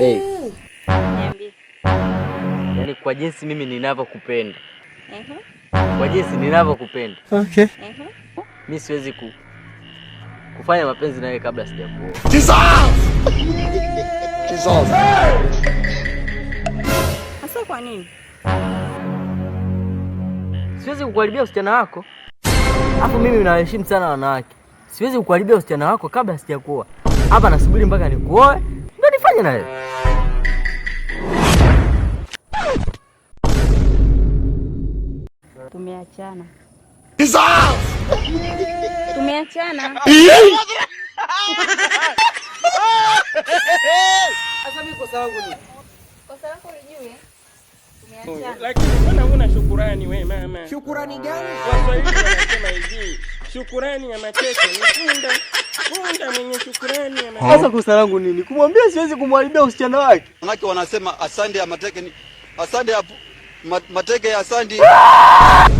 Bei, yaani kwa jinsi mimi ninavyokupenda, mhm. kwa jinsi ninavyokupenda, okay, mhm. mi siwezi ku kufanya mapenzi nawe kabla sijakuoa. Hasa kwa nini? Siwezi kukuharibia usichana wako, alafu mimi nawaheshimu sana wanawake. Siwezi kukuharibia usichana wako kabla sijakuoa. Hapa nasubiri mpaka nikuoe ndio nifanye na wewe. Tumeachana. Tumeachana. Oh, shukurani we mama? Shukurani gani? shukurani ya mateke ni punda, punda mwenye shukurani ya mateke. Sasa kosa langu nini? Kumwambia siwezi kumharibia usichana wake. Manake wanasema asante ya mateke ni asante ya Mateke ya Sandi.